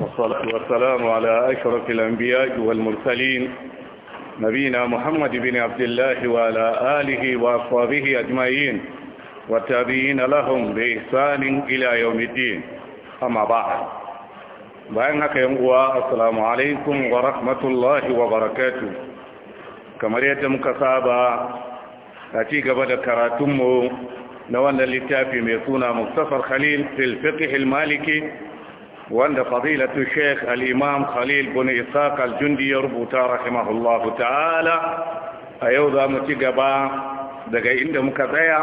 والصلاة والسلام على أشرف الأنبياء والمرسلين نبينا محمد بن عبد الله وعلى آله وأصحابه أجمعين وتابعين لهم بإحسان إلى يوم الدين أما بعد بأنك ينقوى السلام عليكم ورحمة الله وبركاته كما ريتم كصابة أتيك بدا كراتمه نوانا لتافي ميسونا مصطفى الخليل في الفقه المالكي wanda fadilatu sheikh al-imam khalil bin isaac al-jundi ya rubuta rahimahullahu ta'ala a yau za mu ci gaba daga inda muka tsaya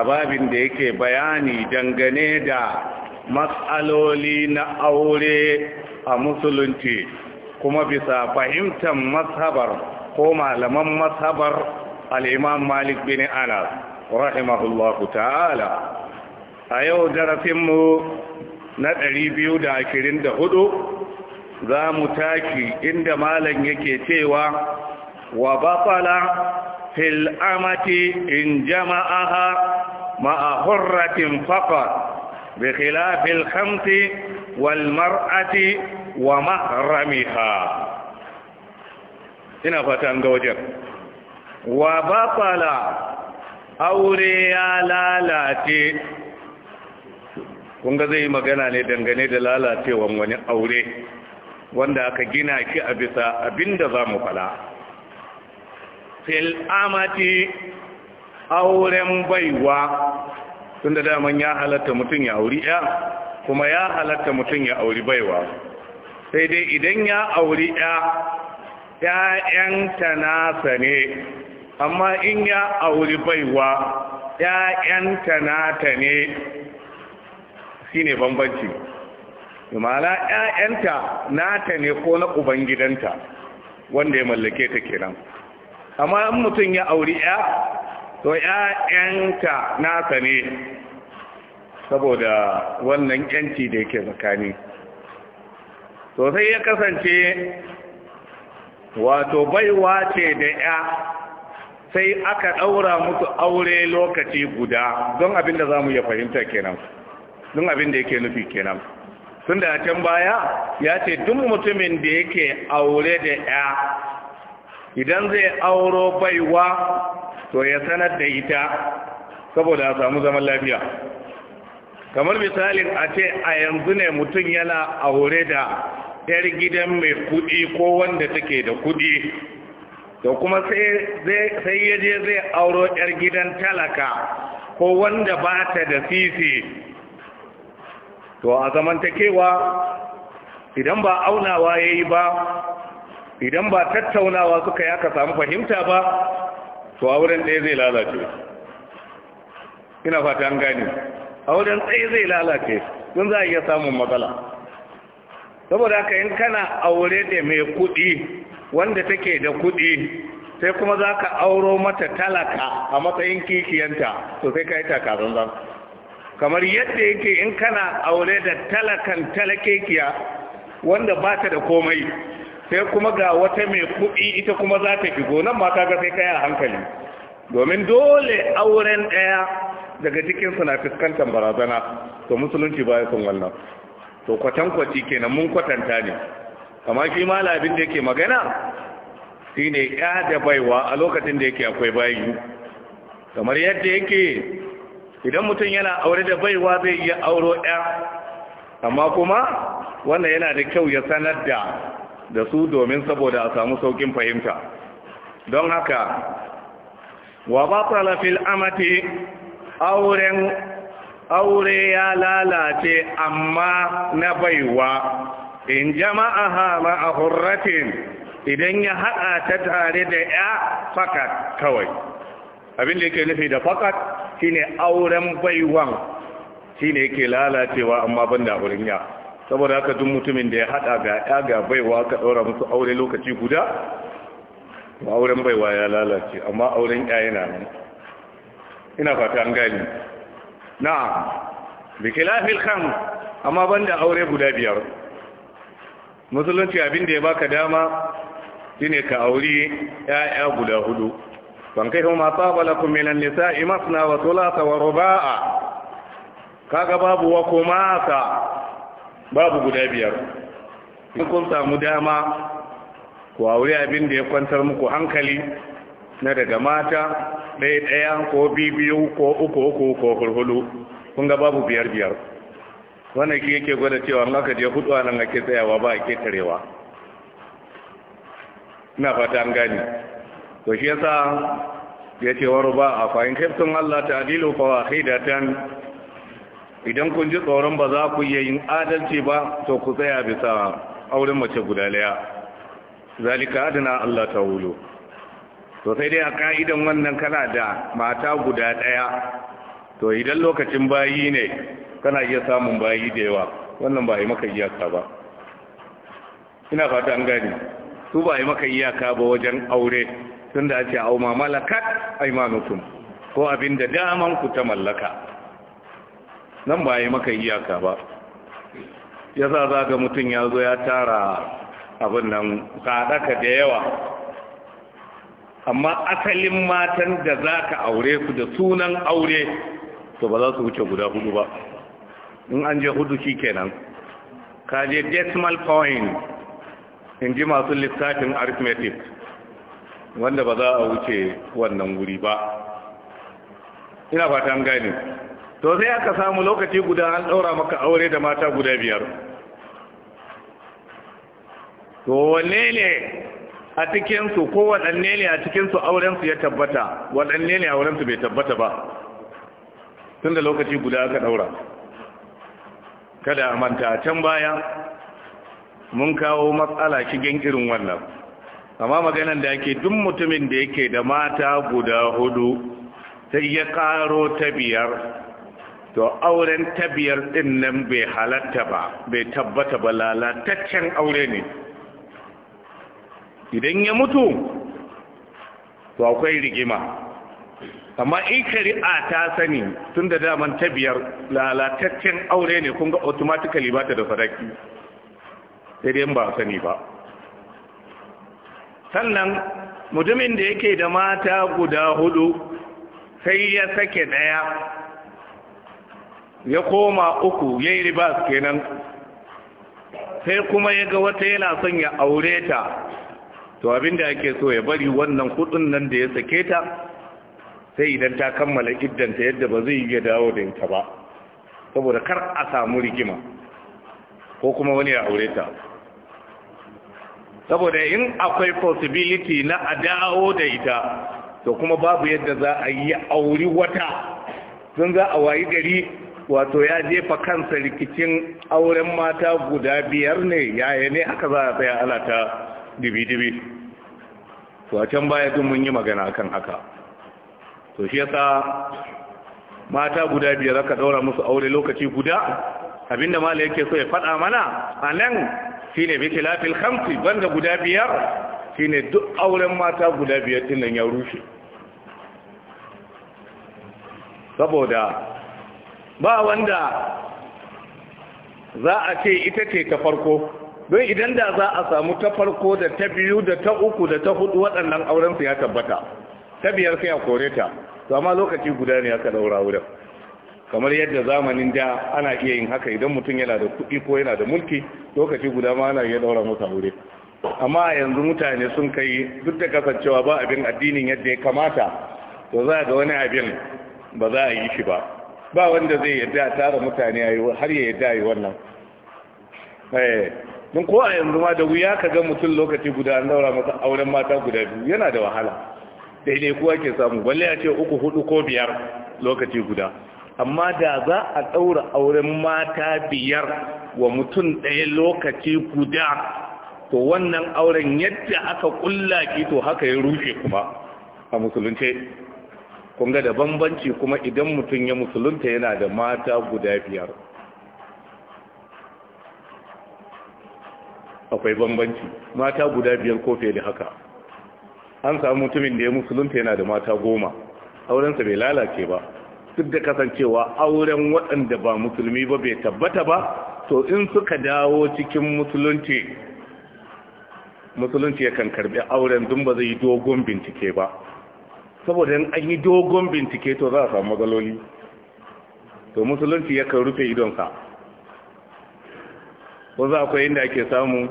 a babin da yake bayani dangane da matsaloli na aure a musulunci kuma bisa fahimtar mazhabar ko malaman mashabar al'imam malik bin anas rahimahullahu ta'ala a yau darasinmu na ɗari biyu da ashirin da hudu za mu tashi inda malam yake cewa wa bafala fil amati in jama'aha ma'a hurratin faqat bi khilafil khamsi wal mar'ati wa mahramiha ina fatan ga wajen wa bafala aure ya lalace kun ga zai magana ne dangane da lalacewan wani aure wanda aka gina shi a bisa abinda za mu fala fil amati auren baiwa tun da daman ya halatta mutum ya auri ya kuma ya halatta mutum ya auri baiwa sai dai idan ya auri ya ‘ya'yanta na sane, amma in ya auri baiwa ‘ya'yanta nata ne shine bambanci ma'ana ƴaƴanta nata ne ko na ubangidanta wanda ya mallake ta kenan amma in mutum ya auri ƴa to ƴaƴanta nasa ne saboda wannan 'yanci da yake tsakani to sai ya kasance wato baiwa ce da 'ya sai aka ɗaura musu aure lokaci guda don abin da za mu iya fahimta kenan don abin da yake nufi kenan sun da can baya ya ce duk mutumin da yake aure da ya idan zai auro baiwa to ya sanar da ita saboda a samu zaman lafiya kamar misalin a ce a yanzu ne mutum yana aure da 'yar gidan mai kudi ko wanda take da kudi da kuma sai ya zai auro 'yar gidan talaka ko wanda ba ta da sisi to a zamantakewa idan ba aunawa ya yi ba idan ba tattaunawa suka yaka samu fahimta ba to a wurin ɗaya zai lalace ina fata an gani a wurin tsaye zai lalace don za a iya samun matsala saboda haka yin kana aure da mai kuɗi wanda take da kuɗi sai kuma za ka auro mata talaka a matsayin kikiyanta to ka yi takarun zan kamar yadda yake in kana aure da talakan talakekiya wanda ba ta da komai sai kuma ga wata mai kuɗi ita kuma za ta shigo nan mata ga sai kaya hankali domin dole auren ɗaya daga cikinsu na fuskantar barazana to musulunci baya sun wannan to kwatankwaci kenan mun kwatanta ne amma shi ma labin da yake magana shine ya da baiwa a lokacin da yake akwai bayi kamar yadda yake idan mutum yana aure da baiwa zai iya auro ɗaya amma kuma wannan yana da kyau ya sanar da da su domin saboda a samu saukin fahimta don haka wa ba fil amati auren aure ya lalace amma na baiwa in jama'a hama a hurratin idan ya haɗa ta tare da ya fakat kawai abin da yake nufi da fakat shine auren baiwan shine yake lalacewa amma banda auren ya saboda haka duk mutumin da ya hada ga ya ga baiwa ka daura musu aure lokaci guda ba auren baiwa ya lalace amma auren ya yana nan ina fata an gani na'am bi khilafil kham amma banda aure guda biyar musulunci abin da ya baka dama shine ka aure ƴaƴa guda hudu fankaihu ma saba lakum minan nisa'i masna wa thulatha wa ruba'a kaga babu wa kumasa babu guda biyar in kun samu dama ku aure abin da ya kwantar muku hankali na daga mata ɗaya ɗaya ko biyu ko uku uku ko hulhulu kun ga babu biyar biyar wannan ki yake gwada cewa an aka je hudu nan ake tsayawa ba a tarewa. ina fata an gani to shi yasa ya ce waru ba a fahim kaifin Allah ta adilu fa wahidatan idan kun ji tsoron ba za ku yin adalci ba to ku tsaya bisa auren mace guda daya zalika adana Allah ta wulo to sai dai a ka'idan wannan kana da mata guda daya to idan lokacin bayi ne kana iya samun bayi da yawa wannan ba a yi maka iyaka ba ina fata an gani su ba a yi maka iyaka ba wajen aure tun da ake auma malakat malakat aimanukum ko abin da daman ku ta mallaka nan ba yi maka iyaka ba ya sa za ga mutum ya zo ya tara abin nan sadaka da yawa amma asalin matan da za ka aure su da sunan aure to ba za su wuce guda hudu ba in an je hudu shi kenan ka je decimal point in ji masu lissafin arithmetic wanda ba za a wuce wannan wuri ba ina fatan gane to sai aka samu lokaci guda an ɗaura maka aure da mata guda biyar to wanne ne a cikinsu ko waɗanne ne a cikinsu aurensu ya tabbata waɗanne ne aurensu bai tabbata ba tun da lokaci guda aka ɗaura kada a manta can baya mun kawo matsala shigen irin wannan kama maganan da ake duk mutumin da yake da mata guda hudu sai ya karo ta biyar to auren ta biyar din nan bai halatta ba bai tabbata ba lalataccen aure ne idan ya mutu to akwai rigima amma in shari'a ta sani tun da daman ta biyar lalataccen aure ne kun ga automatically ba ta da faraki sai dai ba sani ba sannan mutumin da yake da mata guda hudu sai ya sake ɗaya ya koma uku ya yi ribas kenan sai kuma ya ga wata yana son ya aure ta to abinda ake so ya bari wannan kudin nan da ya sake ta sai idan ta kammala iddanta yadda ba zai iya dawo da ita ba saboda kar a samu rigima ko kuma wani ya aure ta saboda in akwai possibility na a dawo da ita to kuma babu yadda za a yi auri wata tun za a wayi gari wato ya jefa kansa rikicin auren mata guda biyar ne yaya ne aka za a tsaya alata ta dibi-dibi to a can baya tun mun yi magana kan haka to shi yasa mata guda biyar aka daura musu aure lokaci guda abinda mala yake so ya faɗa mana a nan Shi shine bi khilafil khamsi banda guda biyar shi ne duk auren mata guda biyar din nan ya rushe saboda ba wanda za a ce ita ce ta farko don idan da za a samu ta farko da ta biyu da ta uku da ta hudu waɗannan aurensu ya tabbata ta biyar sai a kore ta to amma lokaci guda ne aka daura wurin kamar yadda zamanin da ana iya yin haka idan mutum yana da kuɗi ko yana da mulki lokaci guda ma ana iya daura mota aure amma yanzu mutane sun kai duk da kasancewa ba abin addinin yadda ya kamata to za ga wani abin ba za a yi shi ba ba wanda zai yadda tara mutane har ya yadda yi wannan mun eh, ko a yanzu ma da wuya ka ga mutum lokaci guda an daura masa auren mata guda biyu yana da wahala daidai kuwa ke samu balle a ce uku hudu ko biyar lokaci guda amma da za a ɗaura auren mata biyar wa mutum ɗaya lokaci guda to wannan auren yadda aka ƙulla ki to haka ya rushe kuma a musulunce kunga da bambanci kuma idan mutum ya musulunta yana da mata guda biyar akwai bambanci mata guda biyar ko fiye da haka an samu mutumin da ya musulunta yana da mata goma aurensa bai lalace ba duk da kasancewa auren waɗanda ba musulmi ba bai tabbata ba to in suka dawo cikin musulunci musulunci yakan karbi auren dun ba zai yi dogon bincike ba saboda in an yi dogon bincike to za a samu matsaloli to musulunci yakan rufe idonsa wanzu akwai inda ake samu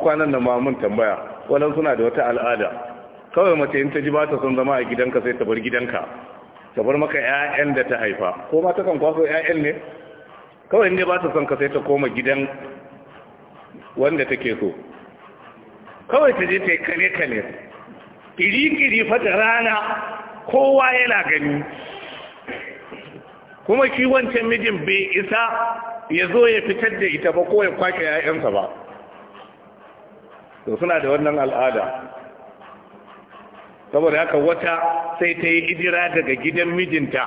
kwanan da mamun tambaya walan suna da wata al'ada kawai mace in ta ji ba ta son zama a gidanka sai ta bar gidanka ta bar maka ƴaƴan da ta haifa ko ma ta kan kwaso ƴaƴan ne kawai inda ba ta son ka sai ta koma gidan wanda take so kawai ta je ta yi kane kane kiri-kiri fata rana kowa yana gani kuma shi wancan mijin bai isa ya zo ya fitar da ita ba ko ya kwake 'ya'yansa ba to suna da wannan al'ada saboda haka wata sai ta yi hijira daga gidan mijinta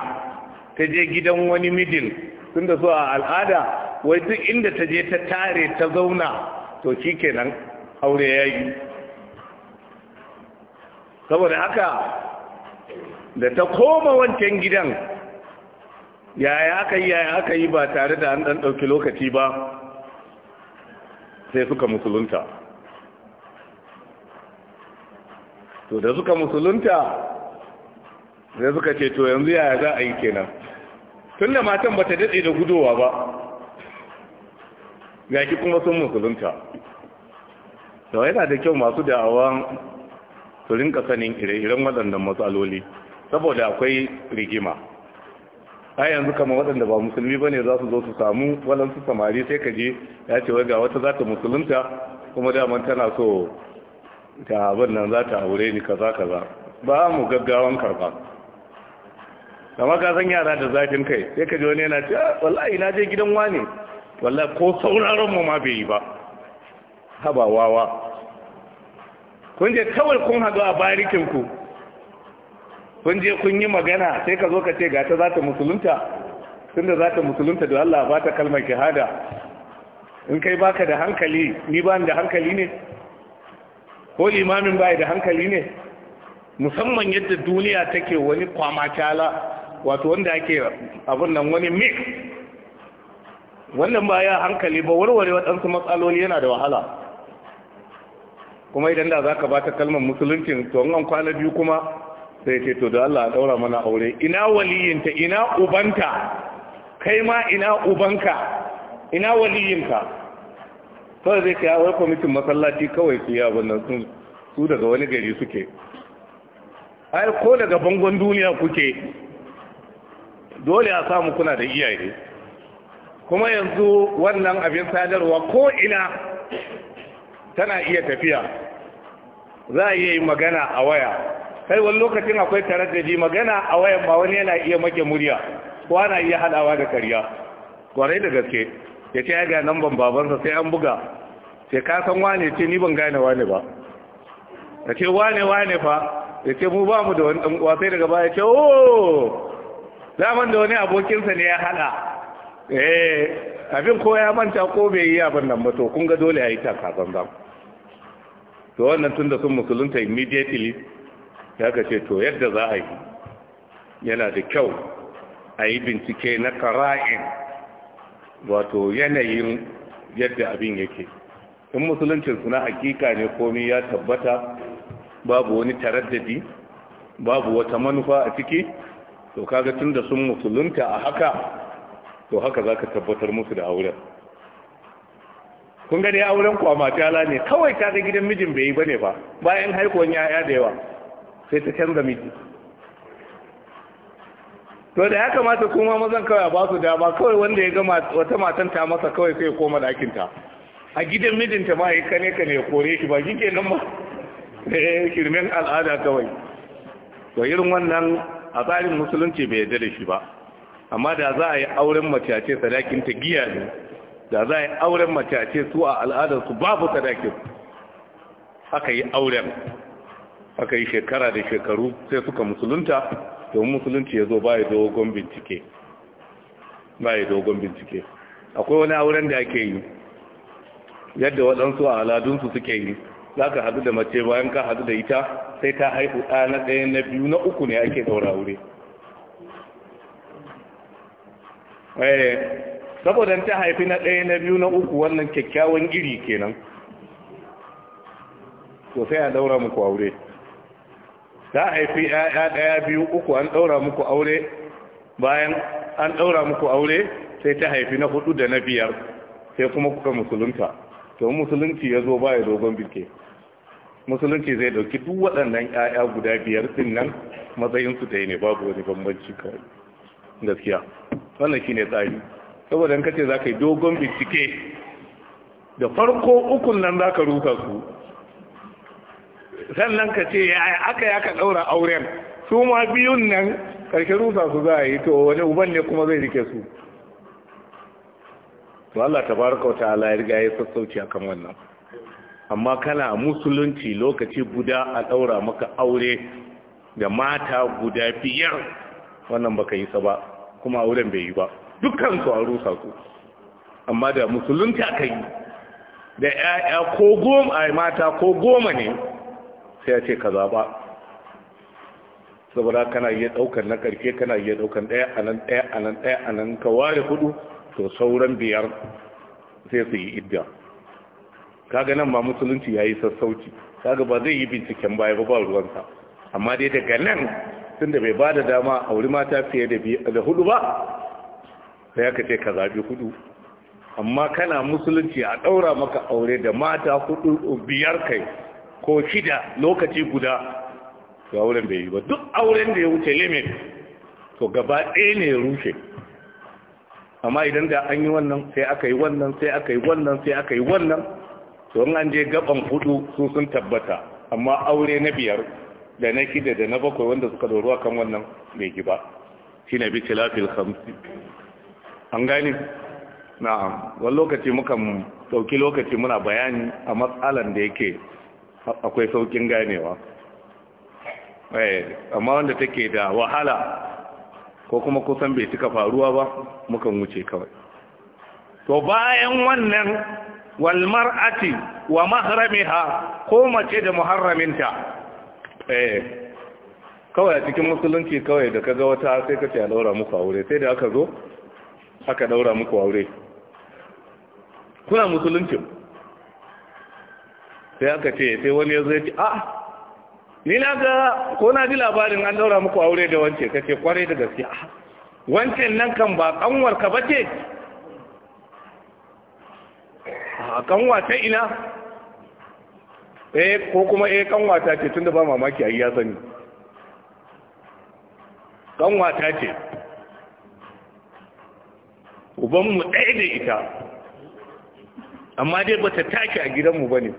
ta je gidan wani mijin tun da su a al'ada wai duk inda ta je ta tare ta zauna to shi kenan aure ya yi saboda haka da ta koma wancan gidan yaya aka yi yaya aka yi ba tare da an ɗan ɗauki lokaci ba sai suka musulunta to da suka musulunta da suka ce to yanzu yaya za a yi kenan tun da matan ba ta daɗe da gudowa ba ya ki kuma sun musulunta da yana da kyau masu da'awan su rinka sanin ire-iren waɗannan matsaloli saboda akwai rigima a yanzu kama waɗanda ba musulmi ba ne za su zo su samu waɗansu samari sai ka je ya ce wai wata za ta musulunta kuma daman tana so ta abin nan za ta aure ni kaza kaza ba mu gaggawan karba kama ka san yara da zafin kai sai ka ji wani yana ce wallahi na je gidan wani wallahi ko sauraron mu ma bai yi ba haba wawa kun je kawai kun haɗu a barikin ku kun je kun yi magana sai ka zo ka ce gata za ta musulunta tunda za ta musulunta da Allah ba ta kalmar kihada. in kai baka da hankali ni ba da hankali ne ko limamin bai da hankali ne musamman yadda duniya take wani kwamakala wato wanda ake abin nan wani mix wannan baya hankali ba warware waɗansu matsaloli yana da wahala kuma idan da za ka ba ta kalmar musuluncin to an kwana biyu kuma sai ce to da Allah daura mana aure ina waliyinta ina ubanta kai ma ina ubanka ina waliyinka kawai zai ka yawar kwamitin masallaci kawai su yi nan su daga wani gari suke ai ko daga bangon duniya kuke dole a samu kuna da iyaye kuma yanzu wannan abin sadarwa ko ina tana iya tafiya za a iya yi magana a waya kai wani lokacin akwai tare da ji magana a wayan ba wani yana iya make murya ko ana iya hadawa da karya kwarai da gaske ya ce ya ga nan ban babansa sai an buga ce ka san wane ce ni ban gane wane ba ya ce wane wane fa ya ce mu ba mu da wani ɗan daga baya ce o oh, zaman da wani abokinsa ne ya haɗa eh abin ko ya manta ko bai yi abin nan ba to kun ga dole a yi taka zanzan to wannan tun da sun musulunta immediately ya ka ce to yadda za a yi yana da kyau a yi bincike na kara'in wato yanayin yadda abin yake in musuluncin suna hakika ne komai ya tabbata babu wani taraddadi babu wata manufa a ciki to kaga tunda sun musulunta a haka to haka zaka tabbatar musu da auren kun gani auren ku amma tala ne kawai ta ga gidan mijin bai yi bane ba bayan haihuwar yaya da yawa sai ta canza miji to da ya kamata kuma mazan kawai ba su dama kawai wanda ya gama wata matan ta masa kawai sai koma ɗakinta a gidan mijinta ma ya kane ka ne kore shi ba gike nan ba eh kirmin al'ada kawai to irin wannan a tsarin musulunci bai yarda da shi ba amma da za a yi auren mace a ce sadakin ta giya ne da za a yi auren mace a ce su a al'adarsu babu sadakin aka yi auren aka yi shekara da shekaru sai suka musulunta domin musulunci ya zo ba ya dogon bincike ba ya dogon bincike akwai wani auren da ake yi yadda waɗansu a aladunsu suke yi za ka hadu da mace bayan ka hadu da ita sai ta haihu ɗa na ɗaya na biyu na uku ne ake ɗaura wuri eh, saboda ta haifi na ɗaya na biyu na uku wannan kyakkyawan iri kenan to sai a ɗaura muku aure ta haifi ya ɗaya biyu uku an ɗaura muku aure bayan an ɗaura muku aure sai ta haifi na hudu da na biyar sai kuma kuka musulunta to musulunci ya zo baya dogon birke. musulunci zai ɗauki duk waɗannan 'ya'ya guda biyar ɗin nan matsayinsu ɗaya ne babu wani bambanci kai gaskiya wannan shi ne tsari saboda in kace za ka yi dogon bincike da farko ukun nan za ka ruka su sannan ka ce aka ya ka ɗaura auren su ma biyun nan ƙarshe rusa su za a yi to wani uban ne kuma zai rike su to Allah ta tabaraka wa ta'ala ya riga ya sassauci akan wannan amma kana musulunci lokaci guda a ɗaura maka aure da mata guda biyar wannan baka yi sa ba kuma auren bai yi ba dukkan su a rusa su amma da musulunci aka yi da 'ya'ya ko goma mata ko goma ne sai ya ce ka zaɓa saboda kana iya ɗaukar na ƙarfe kana iya ɗaukar ɗaya a nan ɗaya a nan ɗaya a nan ka ware hudu to sauran biyar sai su yi idda kaga nan ba musulunci ya yi sassauci kaga ba zai yi binciken baya ba ba ruwansa amma dai daga nan tun da bai ba da dama a wuri mata fiye da hudu ba sai aka ce ka zaɓi hudu amma kana musulunci a ɗaura maka aure da mata hudu biyar kai ko shida lokaci guda to auren bai yi ba duk auren da ya wuce limit to gaba ɗaya ne ya rushe amma idan da an yi wannan sai aka yi wannan sai aka yi wannan sai aka yi wannan to in an je gaban hudu su sun tabbata amma aure na biyar da na kida da na bakwai wanda suka doro kan wannan bai yi ba shi na bice lafil hamsi an gani na wani lokaci mukan dauki lokaci muna bayani a matsalan da yake akwai saukin ganewa eh, amma wanda take da wahala ko kuma kusan bai cika faruwa ba mukan wuce kawai to bayan wannan wal mar'ati wa mahramiha ko mace da muharraminta eh kawai a cikin musulunci kawai da kaga wata sai kace a daura muku aure sai da aka zo aka daura muku aure kuna musuluncin sai aka ce sai wani ya zai ce a ah, ni na ga ko na ji labarin an daura muku aure da wance ka ce kwarai da gaske a ah, wancan nan kan ba kanwar ka bace a ah, kanwa ta ina eh ko kuma eh kanwa ta ce tunda ba mamaki ai ya sani kanwa ta ce ubanmu ɗaya da ita amma dai ba ta take a gidanmu ba ne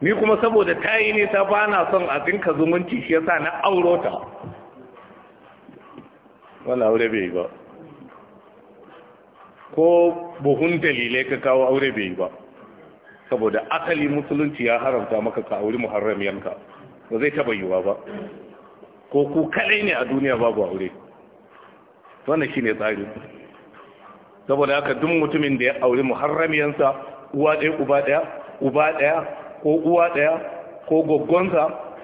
ni kuma saboda ta yi nisa ba na son a dinka zumunci shi sa na auro wala aure bai ba ko buhun dalilai ka kawo aure bai yi ba saboda asali musulunci ya haramta maka ka auri muharram yanka ba zai taba yiwa ba ko ku kadai ne a duniya babu aure wannan shine tsari saboda haka duk mutumin da ya auri yansa uwa ɗaya uba ɗaya uba ɗaya ko uwa ɗaya ko goggonsa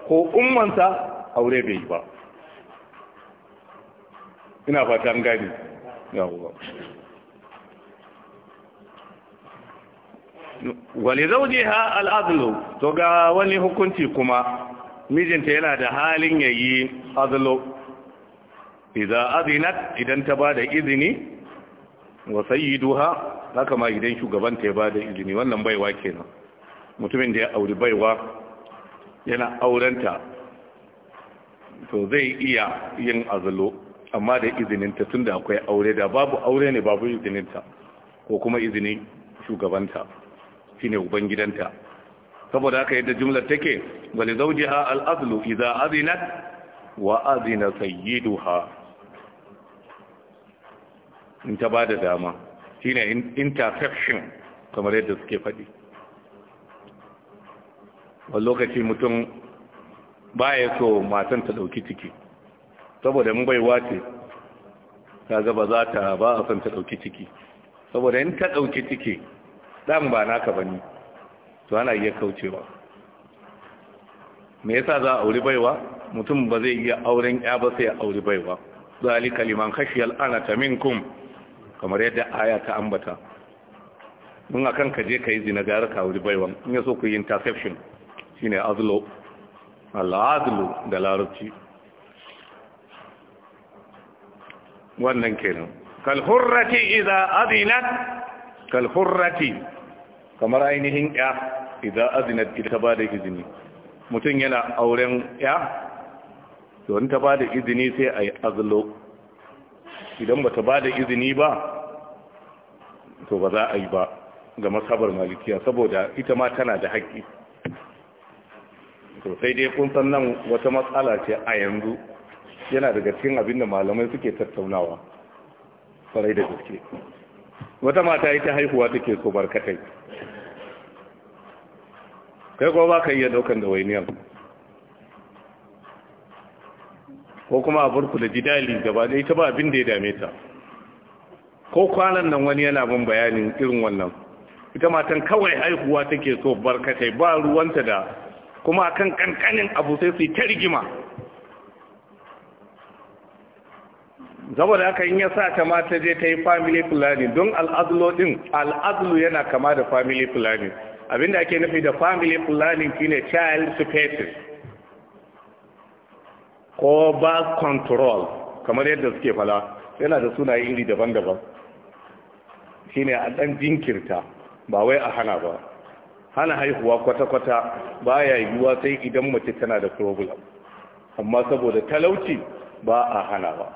ko ummansa aure bai yi ba ina fatan gani wani zauje ha al'adulu to ga wani hukunci kuma mijinta yana da halin ya yi azulu idan azinat idan ta ba da izini wa duha haka ma idan shugabanta ya ba da izini wannan baiwa kenan mutumin da ya auri baiwa yana aurenta to zai iya yin azalo amma da izininta tun da akwai aure da babu aure ne babu izininta ko kuma izinin shugabanta shi uban ubangidanta saboda haka yadda jumlar take wani zawjiha al-azlu idza azinat wa azina sayyiduha in ta bada dama shine interception kamar yadda suke faɗi a lokaci mutum ba ya so matan ta ɗauki ciki saboda mun bai wace ta gaba za ta ba a son ta ɗauki ciki saboda in ta ɗauki ciki ɗan ba naka ba ne to ana iya kaucewa me yasa za a auri baiwa mutum ba zai iya auren ya ba sai ya auri baiwa zalika liman khashiyal anata minkum kamar yadda aya ta ambata mun akan ka je ka yi zina gara ka auri baiwa in ya so ku yi interception shine azlo al'adlu da larabci wannan kenan kalhurrati idan adinat kalhurrati kamar ainihin ya idan adinat ita ba da izini mutum yana auren ya don ta ba da izini sai a yi azlo idan ba ta ba da izini ba to ba za a yi ba ga masabar malikiya saboda ita ma tana da haƙƙi to sai dai kun san nan wata matsala ce a yanzu yana daga cikin abin da malamai suke tattaunawa farai da gaske wata mata ita haihuwa take so barkatai kai ko ba ka iya daukan da wainiyar ko kuma a burku da jidali gaba da ita ba abin da ya dame ta ko kwanan nan wani yana bin bayanin irin wannan ita matan kawai haihuwa take so barkatai ba ruwanta da kuma kan kankanin abu sai su ta rigima saboda haka in ya sa ta ta je ta yi family planning don al'adlo din al'adlo yana kama da family planning abinda ake nufi da family planning shine child spaces ko birth control kamar yadda suke fala yana da suna iri daban-daban shine a ɗan jinkirta ba wai a hana ba hana haihuwa kwata-kwata ba baya yiwuwa sai idan mace tana da problem amma saboda talauci ba a hana ba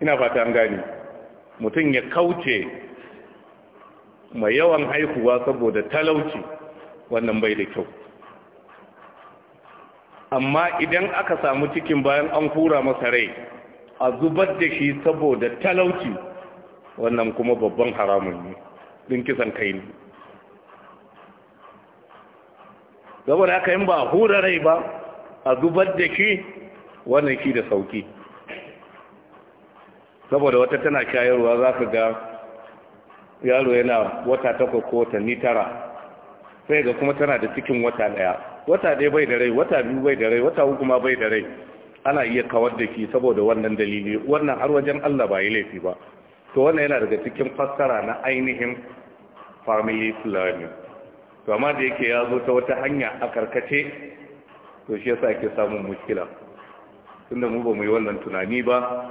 ina fata an gani mutum ya kauce mai yawan haihuwa saboda talauci wannan bai da kyau amma idan aka samu cikin bayan an hura masa rai a zubar da shi saboda talauci wannan kuma babban haramun ne ɗin kisan kai ne saboda haka yin ba hura rai ba a zubar da shi wannan shi da sauki saboda wata tana shayarwa za ka ga yaro yana wata takwas ko watanni tara sai ga kuma tana da cikin wata daya wata ɗaya bai da rai wata biyu bai da rai wata uku ma bai da rai ana iya kawar da shi saboda wannan dalili wannan har wajen Allah ba yi laifi ba to wannan yana daga cikin fassara na ainihin family planning to amma da yake ya zo ta wata hanya a karkace to shi yasa ake samun mushkila tunda mu ba mu yi wannan tunani ba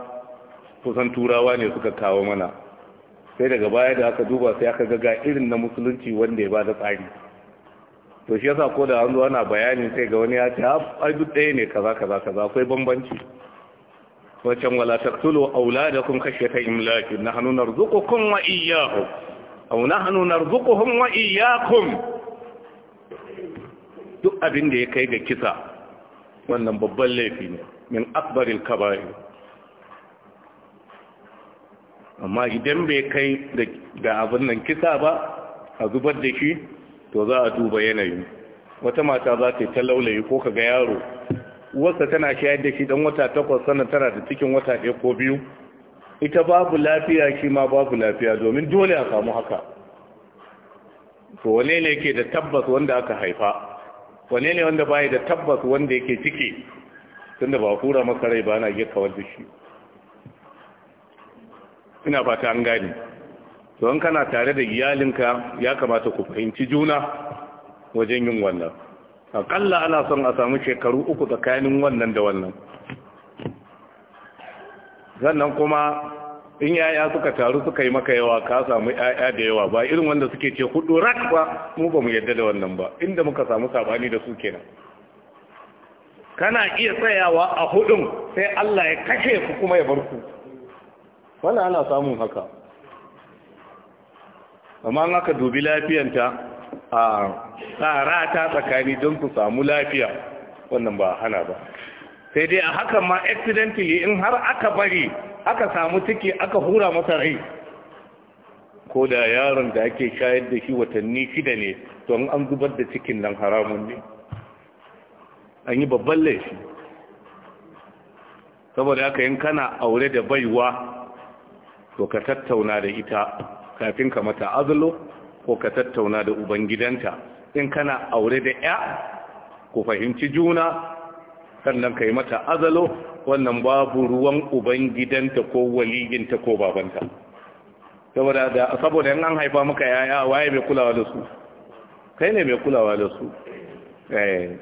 kusan turawa ne suka kawo mana sai daga baya da aka duba sai aka ga irin na musulunci wanda ya ba da tsari to shi yasa ko da an zo ana bayani sai ga wani ya ce ai duk ɗaya ne kaza kaza kaza akwai bambanci wacan wala taqtulu auladakum khashyata imlaki nahnu narzuqukum wa iyyahum aw nahnu narzuquhum wa iyyakum duk abin da ya kai ga kisa wannan babban laifi ne min akbaril kabari amma idan bai kai ga abin nan kisa ba a zubar da shi to za a duba yanayi wata mata za ta yi ta laulayi ko ka ga yaro uwarsa tana shayar da shi dan wata takwas sannan tana da cikin wata ɗaya ko biyu ita babu lafiya shi ma babu lafiya domin dole a samu haka to wane ne ke da tabbas wanda aka haifa wane ne wanda bai da tabbas wanda yake ciki tunda ba kura masa rai ba na iya kawar da shi ina fata an gani to kana tare da iyalinka ya kamata ku fahimci juna wajen yin wannan akalla ana son a samu shekaru uku tsakanin wannan da wannan sannan kuma in yaya suka taru suka yi maka yawa ka samu yaya da yawa ba irin wanda suke ce hudu rak ba mu ba mu yadda da wannan ba inda muka samu sabani da su kenan kana iya tsayawa a hudun sai Allah ya kashe ku kuma ya bar ku wannan ana samun haka amma an aka dubi lafiyanta a tsara ta tsakani don ku samu lafiya wannan ba hana ba sai dai a hakan ma accidentally in har aka bari aka samu ciki aka hura masa rai ko da yaron da ake shayar da shi watanni shida ne don an zubar da cikin nan haramun ne an yi babban laifi saboda aka yin kana aure da baiwa to ka tattauna da ita kafin ka mata azulo ko ka tattauna da ubangidanta in kana aure da ya ku fahimci juna sannan yi mata azalo wannan babu ruwan ubangidanta ko waliginta ko babanta saboda da saboda an haifa muka yaya waye mai kulawa da su kai ne mai kulawa da su eh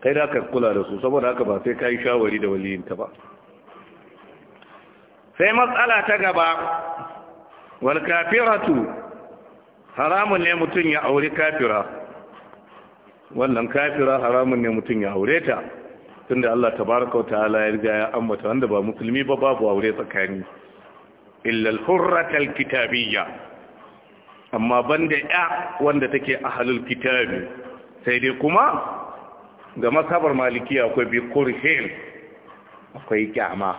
kai da aka kula da su saboda haka ba sai kai shawari da waliginta ba sai matsala ta gaba wal kafiratu haramun ne mutum ya aure kafira wannan kafira haramun ne mutum ya aure ta tunda Allah tabaraka wa ta'ala ya riga ya ambata wanda ba musulmi ba babu aure tsakani illa al-hurrat al-kitabiyya amma banda ya wanda take ahlul kitabi sai dai kuma ga masabar malikiya akwai bi kurhil akwai kyama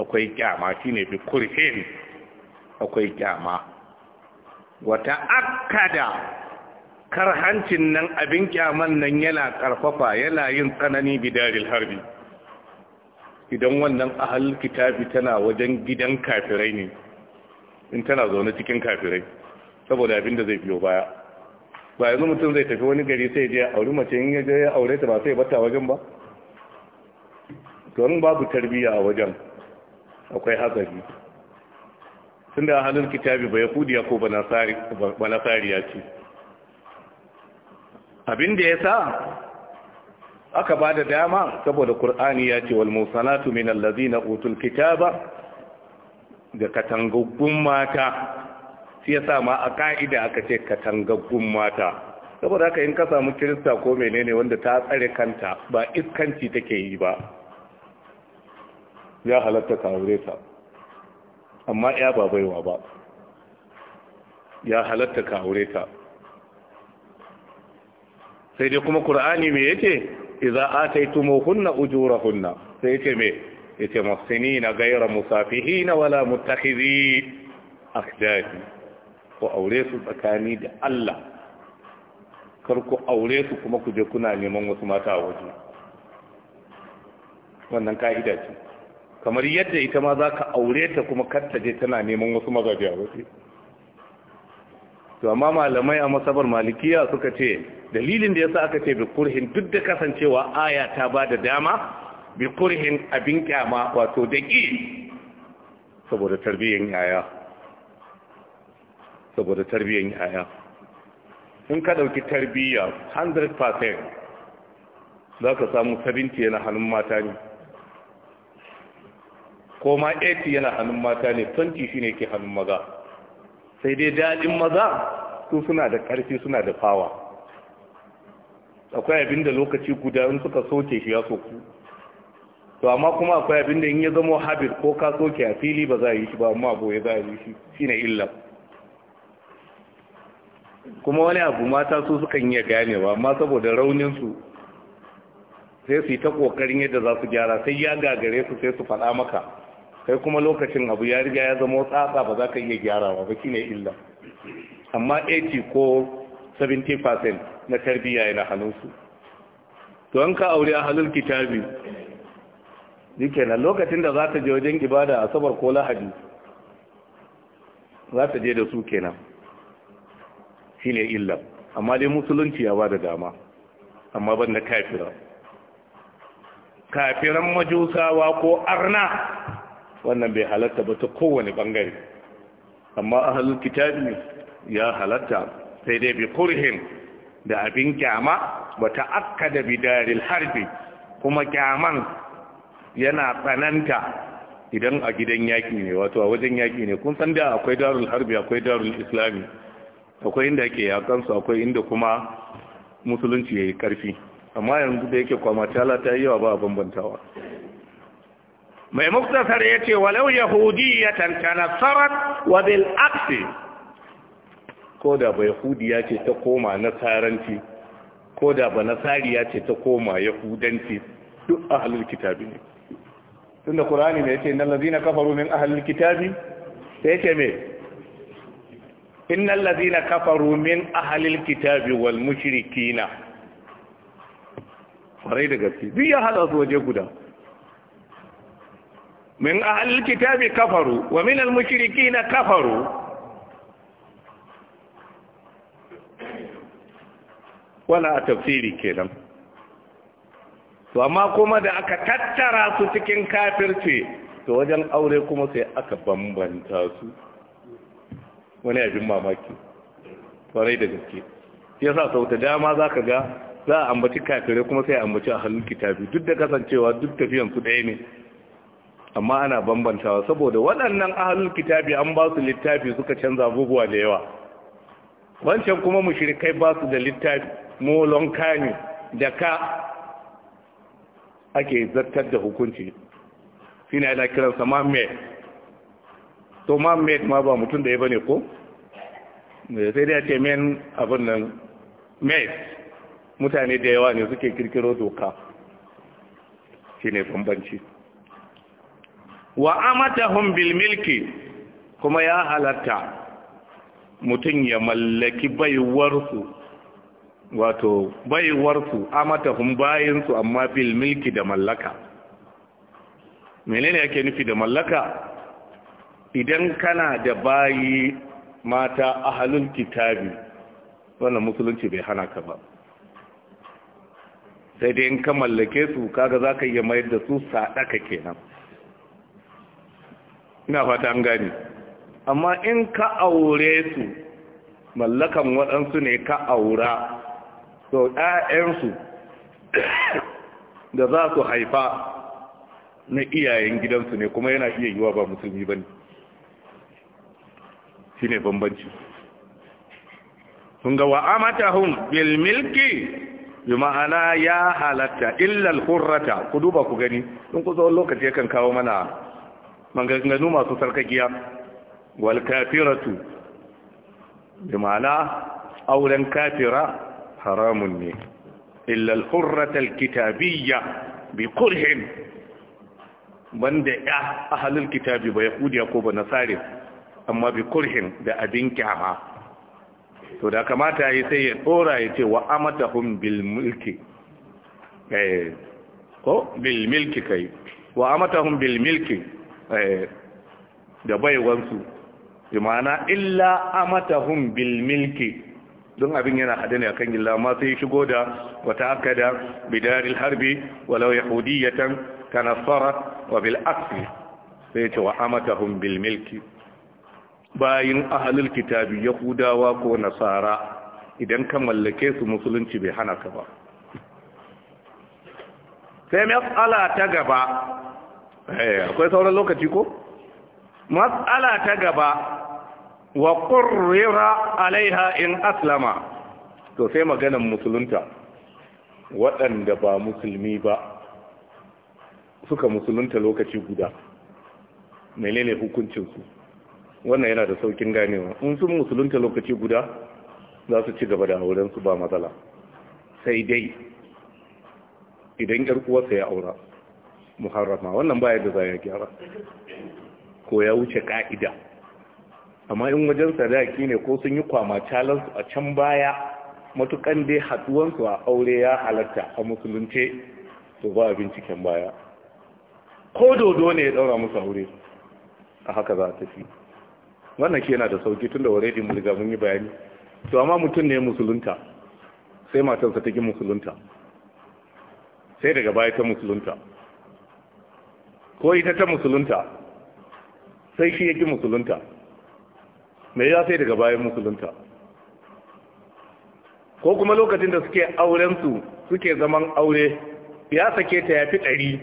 akwai kyama shine bi kurhil akwai kyama wata akada karhancin nan abin kyaman nan yana karfafa yana yin tsanani bidaril harbi idan wannan ahal kitabi tana wajen gidan kafirai ne in tana zaune cikin kafirai saboda abin da zai biyo baya ba yanzu mutum zai tafi wani gari sai je auri mace in yaje je ya aure ta ba sai bata wajen ba don babu tarbiyya a wajen akwai hatsari tunda ahalul kitabi ba yahudiya ko ba nasariya ce abin da ya sa aka ba da dama saboda ƙur'ani ya ce walmusanatu min allazi na utul kitaba ga katangaggun mata shi ya sa ma a ka'ida aka ce katangaggun mata saboda haka yin ka samu kirista ko menene wanda ta tsare kanta ba iskanci take yi ba ya halatta ka aure ta amma ya ba baiwa ba ya halatta ka aure ta sai dai kuma qur'ani me yace idza ataytumuhunna ujurahunna sai yake me yace muhsinina ghayra na wala a akhdafi ko aure su tsakani da Allah kar ku aure su kuma ku je kuna neman wasu mata a waje wannan ka'ida ce kamar yadda ita ma za ka aure ta kuma katta je tana neman wasu mazaje a waje to amma malamai a masabar malikiya suka ce dalilin da yasa aka ce bi kurhin duk da kasancewa aya ta ba da dama bi kurhin abin kyama wato da daki saboda tarbiyyar yaya saboda tarbiyyar yaya in ka dauki tarbiyya 100% za ka samu 70 yana hannun mata ne ko ma 80 yana hannun mata ne 20 shine ke hannun maza sai dai dadin maza su suna da karfi suna da fawa akwai abin da lokaci guda in suka soke shi ya soku to amma kuma akwai abin da in ya zama habir ko ka soke a fili ba za a yi shi ba amma abu ya za a yi shi shine illa kuma wani abu mata su sukan iya gane ba amma saboda raunin su sai su yi ta kokarin yadda za su gyara sai ya gagare su sai su faɗa maka kai kuma lokacin abu ya riga ya zama tsatsa ba za ka iya gyara ba shine illa amma 80 ko 70% na tarbiyya yana hannunsu to an ka aure a halin kitabi duke lokacin da za ta je wajen ibada a sabar ko lahadi za ta je da su kenan shi ne illa amma dai musulunci ya ba da dama amma ban na kafira kafiran majusawa ko arna wannan bai halatta ba ta kowane bangare amma halin kitabi ya halatta sai dai bi kurhin da abin kyama ba wa da bi daril harbi kuma kyaman yana tsananta idan a gidan yaƙi ne wato a wajen yaƙi ne kun san da akwai darul harbi akwai darul islami akwai inda ke yakan akwai inda kuma musulunci yayi karfi amma yanzu da yake kwamatala ta yawa ba bambantawa mai muktasar ce walau yahudiyatan tantana wa bil aksi ko da ba yahudiya ce ta koma nasaranci ko da ba nasariya ce ta koma yahudanci duk ahlul kitabi ne tunda ƙur'ani ne yace nan lazina kafaru min ahlil kitabi ta yake me innal lazina kafaru min ahlil kitabi wal mushrikina farai da gaske duk ya hada su waje guda min ahlil kitabi kafaru wa min al mushrikina kafaru wala a tafsiri kenan to amma kuma da aka tattara su cikin kafirce to wajen aure kuma sai aka bambanta su wani abin mamaki kwarai da gaske ya sa sau da dama za ka ga za a ambaci kafire kuma sai a ambaci a hannun kitabi duk da kasancewa duk tafiyansu ɗaya ne amma ana bambantawa saboda waɗannan ahalul kitabi an ba su littafi suka canza abubuwa da yawa wancan kuma mushrikai ba su da littafi molon kani da ka ake zartar da hukunci shi ne ana kiransa mamed to mamed ma ba mutum da ya bane ko eh, sai dai ce men abin nan med mutane da yawa ne suke kirkiro doka shi ne bambanci wa amata hun milki kuma ya halatta mutum ya mallaki baiwarsu wato baiwarsu amatahum bayansu amma fil milki da mallaka menene yake nufi da mallaka idan kana da bayi mata ahalul kitabi wannan musulunci bai hana ka ba sai dai in ka mallake su kaga za ka iya mayar da su saɗaka kenan ina fata an gani amma in ka aure su mallakan waɗansu ne ka aura so ƴaƴansu da za su haifa na iyayen gidansu ne kuma yana iya yiwa ba musulmi ba ne shi ne bambanci sun ga hun bilmilki bi ma'ana ya halatta illal hurrata ku duba ku gani sun ku tsawon lokaci yakan kawo mana manganganu masu sarkakiya wal kafiratu bi ma'ana auren kafira haramun ne illal hurratal kitabiyya bi kurhin banda ya ahalul kitabi ba yahudiya ko ba nasari amma bi kurhin da abin kyama to da kamata yi sai ya tsora ya ce wa amatahum bil mulki eh, ko bil milki kai wa amatahum bil milki eh, da baiwansu bi ma'ana illa amatahum bil milki don abin yana hadani kan yi ma sai shigo da wata da bidaril harbi walau yahudiyatan kanasara wa bil asli sai ce wa amatahum bil milki bayin ahlul kitabi yahudawa ko nasara idan ka mallake su musulunci bai hana ka ba sai matsala ta gaba eh, akwai sauran lokaci ko matsala ta gaba wa qurrira alaiha in aslama to sai maganan musulunta waɗanda ba musulmi ba suka musulunta lokaci guda menene hukuncinsu wannan yana da saukin ganewa in sun musulunta lokaci guda za su ci gaba da aurensu ba matsala sai dai idan yar ya aura muharrama wannan baya da zai ya gyara ko ya wuce ƙa'ida. amma in wajen sadaki ne ko sun yi kwama calansu a can baya matukan dai haduwansu a aure ya halatta a musulunce to ba binciken baya ko dodo ne ya daura musu aure a haka za a tafi wannan ke yana da sauki tun da already mun riga mun yi bayani to amma mutum ne musulunta sai matarsa ta ki musulunta sai daga baya ta musulunta ko ita ta musulunta sai shi ya ki musulunta Me ya sai daga bayan musulunta ko kuma lokacin da suke aurensu suke zaman aure ya sake ta ya fi ɗari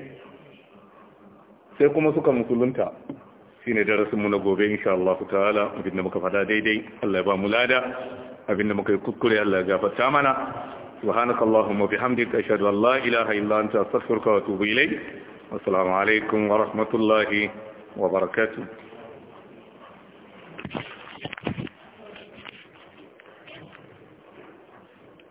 sai kuma suka musulunta shi ne darasinmu na gobe insha Allah su ta'ala abinda muka fada daidai Allah ya ba mu lada abinda muka yi kuskure Allah ya gafarta mana سبحانك اللهم وبحمدك أشهد أن لا إله إلا أنت أستغفرك وأتوب إليك والسلام عليكم ورحمة الله وبركاته